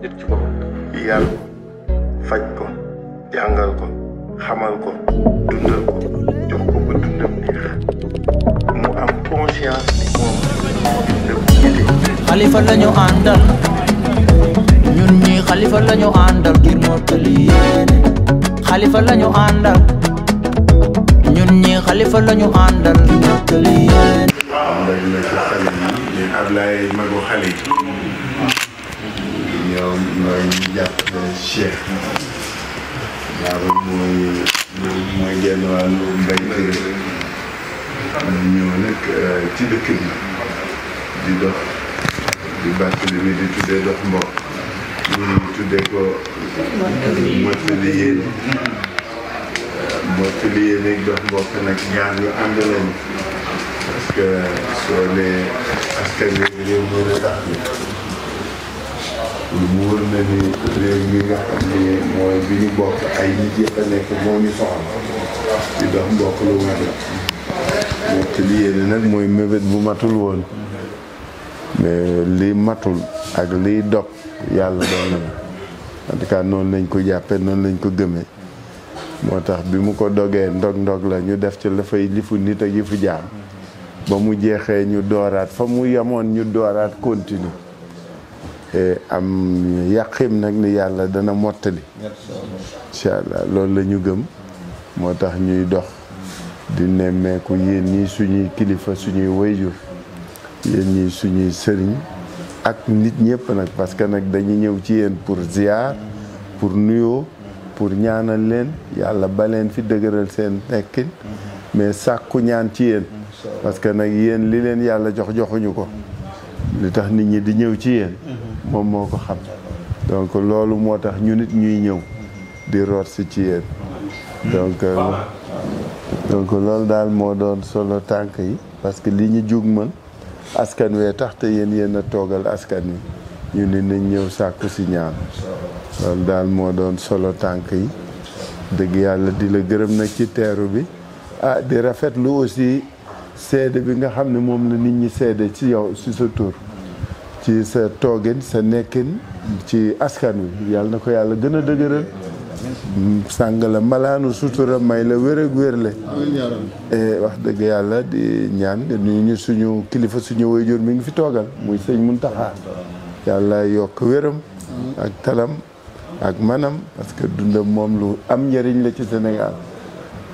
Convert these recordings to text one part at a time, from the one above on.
nit ci boppam. ko xamal ko dundal ko jox ko ba dundam mu am conscience xalifa la àndal ñun ñii xalifa la àndal ngir mottali ñoom ñooy jàppale Cheikh Baaba mooy mooy genn wàllu béykat yi ñëw nag ci dëkk di dox di bàtt li mi di tuddee dox mbokk ñu tuddee ko mottali yéene mottali yéene dox mbokk nag ñaar ñu ànd lañu parce soo nee askan wi réew mën a eh, mm, tax lu mu wër na ni réew mi nga xam ne mooy bi ñu bokk ay nit yëpp nekk moo ñu soxla di dox mbokk lu war la nekk li mooy mébét bu matul woon mais lii matul ak liy dog yàlla doon na en tout lañ ko jàppee noonu lañ ko gëmee moo tax bi mu ko dogee ndog-ndog la ñu def ci la fay lifu nit ak yëfu jaam ba mu jeexee ñu dooraat fa mu yemoon ñu dooraat continuer am yàqim nag ni yàlla dana mottali incha allah loolu la ñu gëm moo tax ñuy dox di nemmeeku yéen ñi suñuy kilifa suñuy wayjur yéen ñi suñuy sëriñ ak nit ñëpp nag parce que nag dañu ñëw ci yéen pour ziar pour nuyoo pour ñaanal leen yàlla ba leen fi dëgëral seen nekkin mais sàkku ñaan ci yéen parce que nag yéen li leen yàlla jox joxuñu ko li tax nit ñi di ñëw ci yéen mom moko ko xam donc lolu motax ñu nit ñuy ñew di rot ci ci yeen donc euh, donc lolu daal mo doon solo tank yi parce que li ñu jugmal askan we tax te yeen yeen na togal askan ni ñu ne nañ ñëw sàkku ci ñaan lolu daal mo doon solo tank yi deug yalla di la gërëm nag ci terre bi ah di lu aussi sédé bi nga xamné mom la nit ñi sédé ci yow ci sa tour ci sa toogin sa nekkin ci askan wi yàlla na ko yàlla gën a dëgëral sàngala la malaanu sutura may la wér ak wér le eh, wax dëgg yàlla di ñaan nga nuyu ñu suñu kilifa suñu waajur mi ngi fi toogal muy sëñ Muntaxa yàlla yokk wéram ak talam ak manam parce que dundam moom lu am njëriñ la ci Sénégal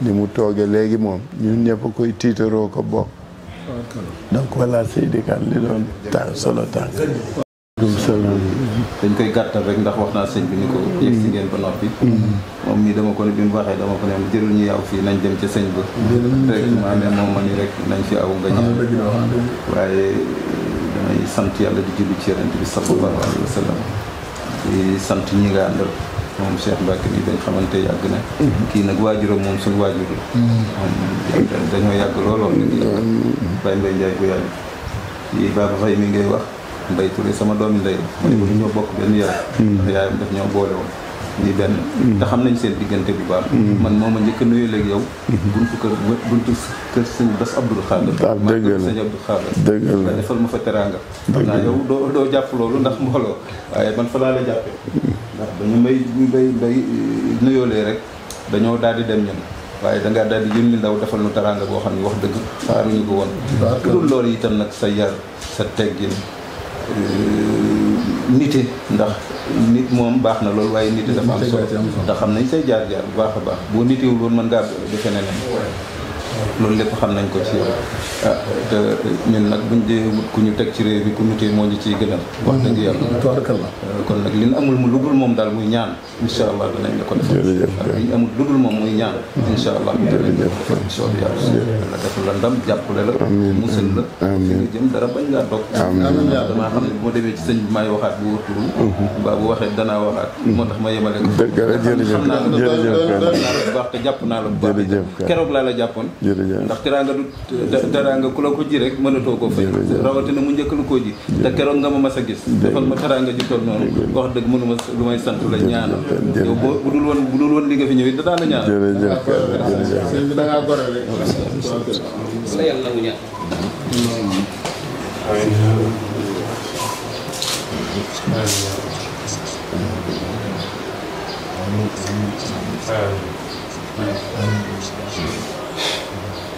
ni mu toogee léegi moom ñun ñëpp koy tiitaroo ko bokk donc voilà Sénégal li doon tànk solo tànk. dañ koy gàttal rek ndax wax naa sëñ bi ni ko mm. yegg si ngeen ba noppi mm. moom nii dama ko bi mu waxee dama ko ne mu ñuy ñu fii nañ dem ca sëñ ba rek maa moom ma ni rek nañ fi aw nga ñëw ah, ah, waaye damay sant yàlla di julli ci yonent bi sallallahu alayhi wa sant ñi nga àndal moom Cheikh Mbacke bi dañ xamante yàgg na kii nag waajuram moom suñu waajur la dañoo yàgg looloon ni ngi Baye Mbaye bu yàgg yi Baba Faye mi wax Mbaye Touré sama doomi ndey ma ne ko bokk benn daf ñoo boole woon ñi benn te xam nañ seen diggante bu baax man moom a njëkk a nuyoo léegi yow buntu kër buntu kër sëñ Bass Abdou Khadre ah, dëgg la sëñ Abdou Khadre dëgg la defal ma fa teraanga xam naa yow doo doo jàpp loolu ndax mbooloo waaye man fa laa la waaw ba ñu may bay bay eh, nuyoolee rek dañoo daal di dem ñun waaye danga ngaa daal di yónni ndaw defal nu taraanga boo xam ne wax dëgg xaaruñu ko woon ku loolu itam nag sa yar sa teggin eh, nite ndax nit moom baax na loolu waaye nite dafa am solo ndax xam nañ say jaar-jaar bu baax a baax boo nitewul woon mën ngaa defe neneen loolu lépp xam nañ ko ci yow ah te bu nag buñ dee wut ku ñu teg ci réew bi comité moo ñu ci gënal wax dëgg yàlla tubaarkalla kon nag li ñu amul mu ludul moom daal muy ñaan incha allah danañ la ko def li ñu amul ludul moom muy ñaan incha allah soob yàlla yàlla defal la ndam jàppale la musal la fi nga jëm dara bañ laa dog damaa xam ne bu ma demee ci sëñ bi maay waxaat bu wërtuwul mbaa bu waxee danaa waxaat moo tax ma yemale ko xam naa la bu baax te jàpp naa la bu baax keroog laa ndax teranga du teranga ku la ko ji rek mënatoo koo fay rawatina mu njëkk lu ko ji te keroog nga ma mas a gis defal ma teranga ju tol noonu wax dëgg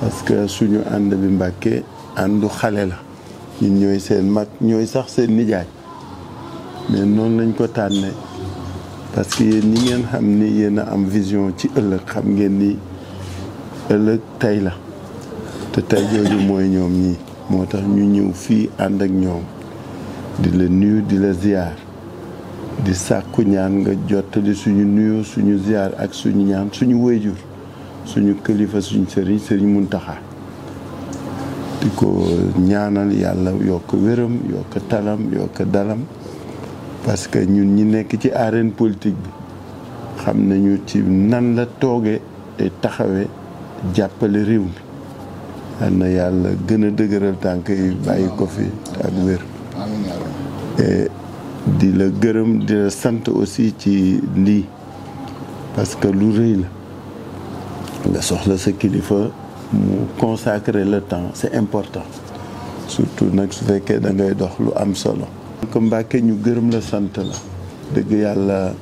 parce que suñu ànd bi Mbàkke àndu xale la ñun ñooy seen mag ñooy sax seen nijaay mais non lañ ko tànne parce que yéen ñi ngeen xam ni yéen am vision ci ëllëg xam ngeen ni ëllëg tay la te tey jooju moy ñoom ñi motax ñu ñëw fi and ak ñoom di la nuyu di la ziar di sàkku ñaan nga di suñu nuyu suñu ziar ak suñu ñaan suñu wéyjur suñu kilifa suñu sëriñ sëriñ Muntaxa di ko ñaanal yàlla yokk wéram yokk talam yokk dalam parce que ñun ñi nekk ci arène politique bi xam nañu ci nan la tooge te taxawe jàppale réew mi na yàlla gën a dëgëral tànk yi bàyyi ko fi ak wér e di la gërëm di la sant aussi ci lii parce que lu rëy la nga soxla sa kilifa mu consacrer le temps c'est important surtout nag su fekkee da ngay dox lu am solo. ko Mbàkke ñu gërëm la sant la dëgg yàlla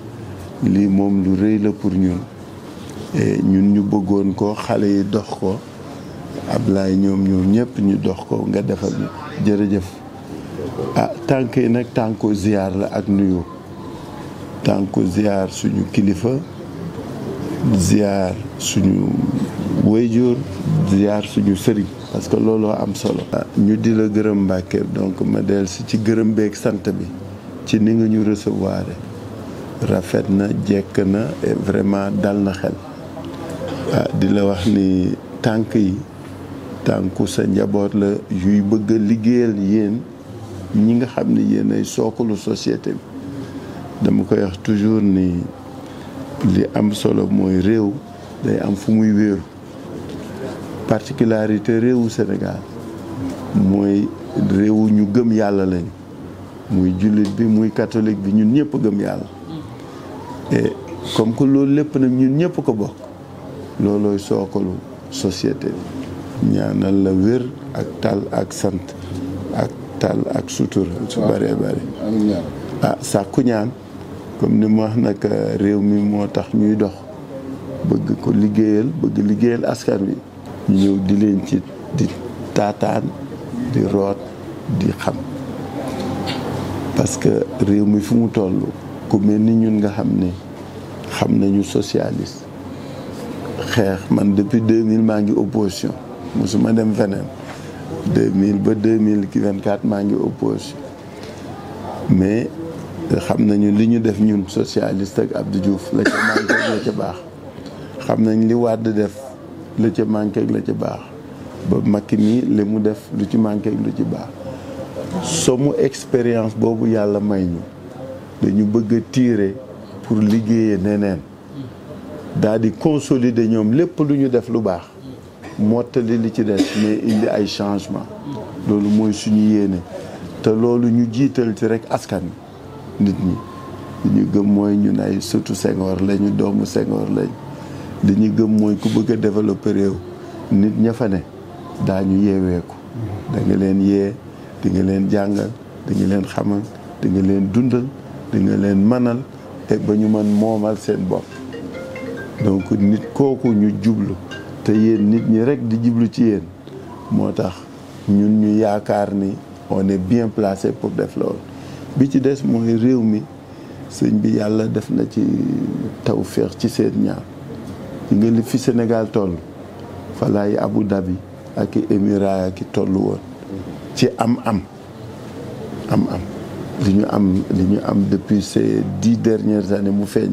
lii moom lu rëy la pour ñun ñun ñu bëggoon ko xale yi dox ko Ablaye ñoom ñoom ñëpp ñu dox ko nga defal ñu jërëjëf ah tànk yi nag tànko ziar la ak nuyu tànko ziar suñu kilifa. ziar suñu wayjur ziar suñu sëriñ parce que looloo am solo ah, ñu di la gërëm Mbàkke donc ma del si ci gërëm beeg sant bi ci ni nga ñu recevoir rafet na jekk na et vraiment dal na xel ah di la wax ni tànk yi tànku sa njaboot la yuy bëgg a liggéeyal yéen ñi nga xam ne yéen ay sookalu société bi dama koy wax toujours ni li am solo mooy réew day am fu muy wéeru particularité réewu Sénégal mooy réewu ñu gëm yàlla lañu muy jullit bi muy katolik bi ñun ñëpp gëm yàlla et comme que loolu lépp nag ñun ñëpp ko bokk loolooy sookalu société ñaanal la wér ak tal ak sant ak tal ak sutura su bëree bëri ah sàkku ñaan comme ni ma wax nak euh, rew mi motax ñuy dox bëgg ko liggéeyal bëgg liggéeyal askan wi ñew di leen ci di tataan di rot di xam parce que rew mi fu mu tollu ku melni ñun nga xam ne xam nañu socialiste xex man depuis 2000 ma ngi opposition musuma dem fenen 2000 ba 2024 ma ngi opposition mais xam nañu li ñu def ñun socialiste ak Abdou Diouf la ca manqué ak la ca baax xam nañ li Wade def la ca manqué la ca baax ba makk nii li mu def lu ci manqué lu ci baax soo mu expérience boobu yàlla may ñu dañu bëgg a tiire pour liggéeyee neneen daal di consolider ñoom lépp lu ñu def lu baax mottali li ci des mais indi ay changement loolu mooy suñu yéene te loolu ñu jiital ci rek askan wi nit ñi li gëm mooy ñun ay surtout Senghor lañu doomu sengoor lañ li gëm mooy ku bëgg a développer réew nit ña fa ne daañu yeeweeku da leen yee di leen jàngal di leen xamal di leen dundal danga nga leen manal te ba ñu mën moomal seen bopp donc nit kooku ñu jublu te yéen nit ñi rek di jublu ci yéen moo tax ñun ñu yaakaar ni on bien placé pour def loolu bi ci des mooy réew mi sëñ bi yàlla def na ci taw feex ci seen ñaar ñu ngi li fi Sénégal toll falaay Abu Dhabi ak i émirat ak i toll woon ci am am am am li ñu am li ñu am depuis ces dix dernières années mu feeñ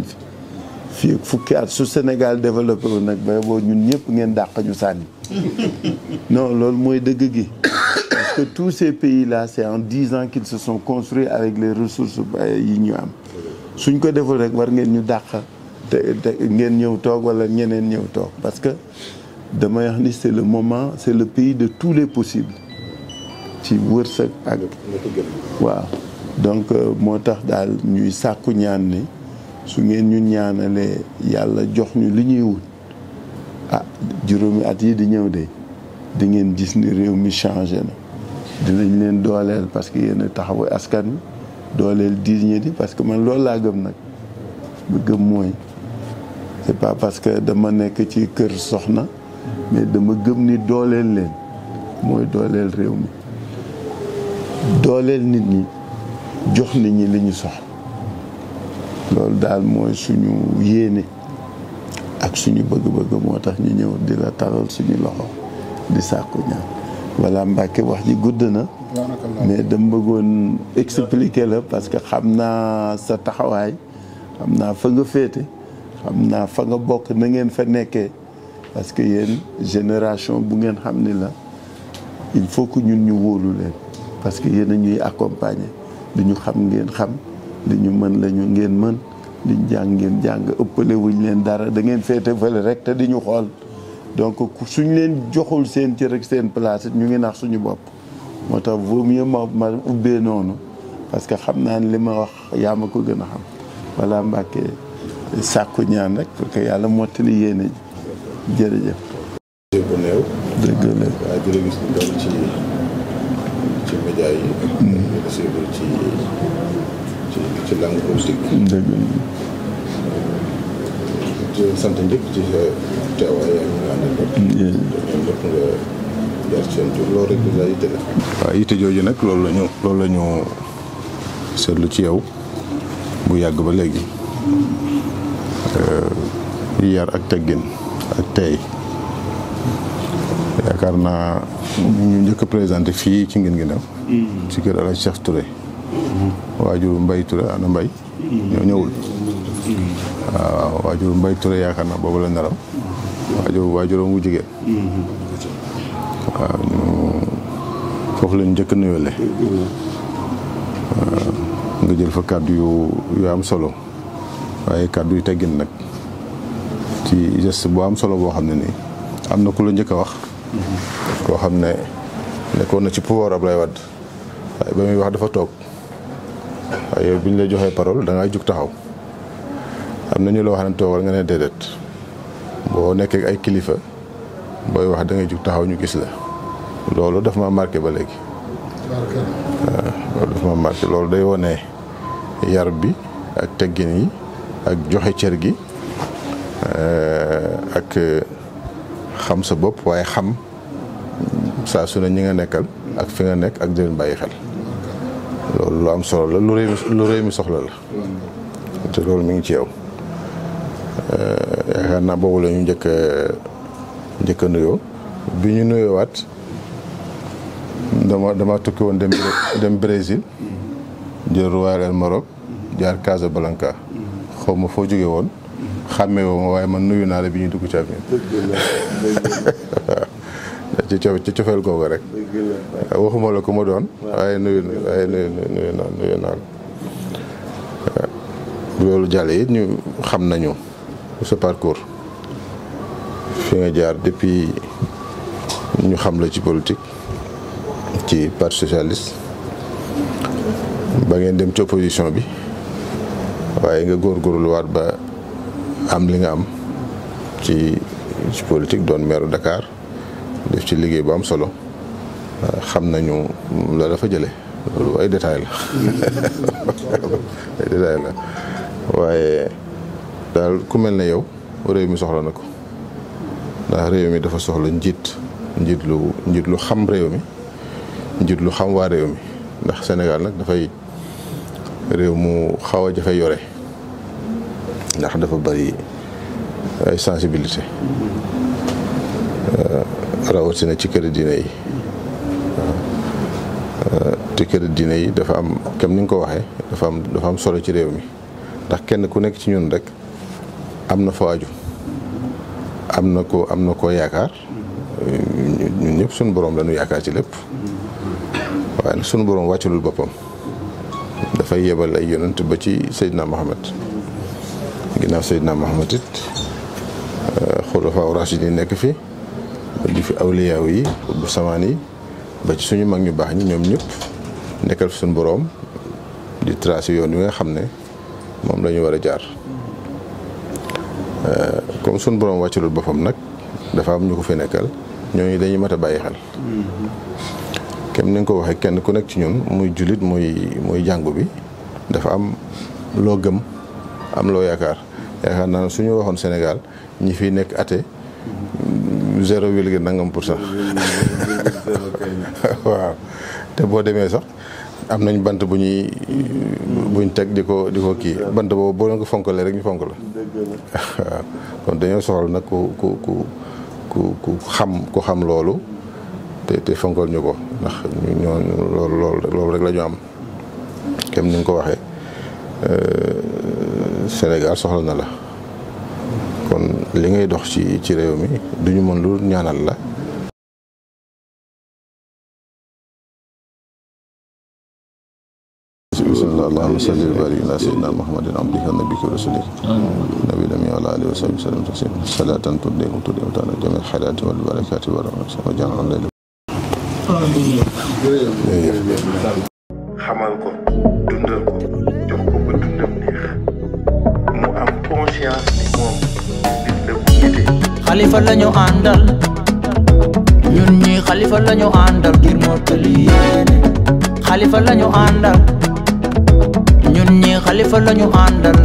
fi fii fukki at su Sénégal développé wu nag bay boo ñun ñëpp ngeen dàq ñu sànni non loolu mooy dëgg gi tous ces pays-là, c'est en 10 ans qu'ils se sont construits avec les ressources euh, yi nous am suñ ko rek parce que c'est le moment c'est le pays de tous les possibles donc moi nous sommes ñaan ni su ngeen ñu nous ah, de di ngeen gis ni dinañ leen dooleel parce que yéen taxawu askan wi dooleel diine di parce que man loolu laa gëm nag bu gëm mooy c'est pas parce que dama nekk ci kër soxna mais dama gëm ni dooleel leen mooy dooleel réew mi dooleel nit ñi jox nit ñi li ñu sox loolu daal mooy suñu yéene ak suñu bëgg-bëgg moo tax ñu ñëw di la taral suñu loxo di sàkku ñaan voilà Mbacke wax ji gudd mais dama bëggoon expliquer la parce que xam naa sa taxaway xamna fa nga féete xamna fa nga bok na ngeen fa nekkee parce que yéen génération bu ngeen xamni la il faut que ñun ñu wóolu leen parce que yéen a ñuy accompagner li xam ngeen xam li ñu mën la ngeen mën li ñu jàng ngeen jàng ëppale wuñ leen dara da ngeen féete fële rek te diñu xol donc suñ leen joxul seen cër ak seen place ñu ngi nax suñu bopp moo tax vaut ma ma noonu parce que xam naa ne li ma wax yaa ma ko gën a xam voilà Mbàkke sàkku ñaan rek pour que yàlla moo yéene ji jërëjëf. Ah, ah, ci ci média yi. ak hmm. ci dëgg la. di sant ñëpp ci teewaay jooju nag loolu la ñu loolu la seetlu ci yow bu yàgg ba léegi euh, yar ak teggin ak tey yaakaar naa ñu njëkk a présenté fii ci ngeen ginnaaw. Mm-hmm. ci kër El Hadj Cheikh Touré. Mm-hmm. waajur Mbaye Touré ana Mbaye. Mm-hmm. ñoo ñëwul. waaw waajur Mbaye Touré yaakaar na boobu la nelaw waajur wu jigéen waaw ñu foofu lañ njëkk nuyole waaw nga jël fa kàddu yu yu am solo waaye kàddu yu teggin nag ci geste bu am solo boo xam ne nii am na ku la njëkk a wax koo xam ne nekkoon na ci pouvoir Ablaye Wade waaye ba muy wax dafa toog waaye yow bi ñu lay joxee parole da ngay taxaw am na ñu la wax ne toogal nga ne déedéet boo nekkee ay kilifa booy wax da ngay jug taxaw ñu gis la loolu daf ma marqué ba léegi. waaw loolu daf ma marqué loolu day wone yar bi ak teggin yi ak joxe cër gi eh, ak eh, xam sa bopp waaye xam saa su ne ñi nga nekkal ak fi nga nekk ak di bàyyi xel loolu lu am solo la lu rëy mi soxla la te loolu mi ngi ci yow. Euh, yaakaar boobu la ñu njëkk a njëkk nuyoo bi ñu nuyoowaat dama dama tukki woon dem dem Brésil jël Royal jaar Casablanca xaw ma foo jóge woon xàmmee woo waaye man nuyu naa la bi ñuy dugg ci avion ci co ci cofeel googu rek waxuma la ma doon waaye nuyu nuyu nuyu naa nuyu naa la loolu jàll yi ñu xam nañu tout ce parcours fi nga jaar depuis ñu xam la ci politik ci parti socialiste ba ngeen dem ci opposition bi waaye nga góor góorgóorluwaat ba am li nga am ci ci politique doon maire dakaar def ci liggéey bu am solo xam nañu la dafa jële loolu ay détail la ay détail la waaye daal ku mel ne yow réew mi soxla na ko ndax réew mi dafa soxla njiit njiit lu njiit lu xam réew mi njiit lu xam waa réew mi ndax Sénégal nag dafay réew mu xaw a jafe yore ndax dafa bari ay sensibilité euh, rawatina ci kër diine yi euh, te kër diine yi dafa am comme ni nga ko waxee dafa am dafa am solo ci réew mi ndax kenn ku nekk ci ñun rek. am na fa aju am na ko am na ko yaakaar ñun ñëpp suñu borom lañu yaakaar ci lépp waaye nag suñu borom wàcculul boppam dafay yebal ay yonent ba ci Seydina Mohamed ginnaaw Seydina Mohamed it euh, xulafaa rashidin nekk fi di fi awliyaaw yi bu samaan yi ba ci suñu mag ñu baax ñi ñoom ñëpp nekkal fi suñu boroom di tracé yoon wi nga xam ne moom la ñu war a jaar Euh, comme sunu borom wàcculul boppam nag dafa am ñu ko fi nekkal ñooñu dañuy mat a bàyyi xel. Mm-hmm. kenn ni nga ko waxee kenn ku nekk ci ñun muy jullit muy muy jàngu bi dafa am loo gëm am loo yaakaar yaakaar naa ne su ñu waxoon Sénégal ñi fi nekk athée zéro virgule nangam pour cent waaw te boo demee sax. am nañ bant bu ñuy buñ teg di ko di ko kii bant boobu boo leen ko fonkalee rek ñu fonk la waaw kon dañoo soxal nag ku ku ku ku xam loolu te te fonkal ñu ko ndax ñoo loolu loolu loolu rek lañu am kem ni ko waxee euh, Sénégal soxla na la kon li ngay dox ci ci réew mi duñu mën lu ñaanal la وصلى اللهم صل وبارك على سيدنا محمد عبدك ونبيك ورسولك نبي الامي وعلى اله وصحبه وسلم تسليما صلاه تدعو تدعو تعالى جميع الخيرات والبركات والرحمات وجعلنا الليل xamal ko dundal ko jox ko ba dundam neex mu am conscience ni moom nit la bu nite xalifa lañu àndal ñun ñi xalifa lañu àndal ngir mottali yéene xalifa lañu àndal ñun ñi xalifa lañu àndal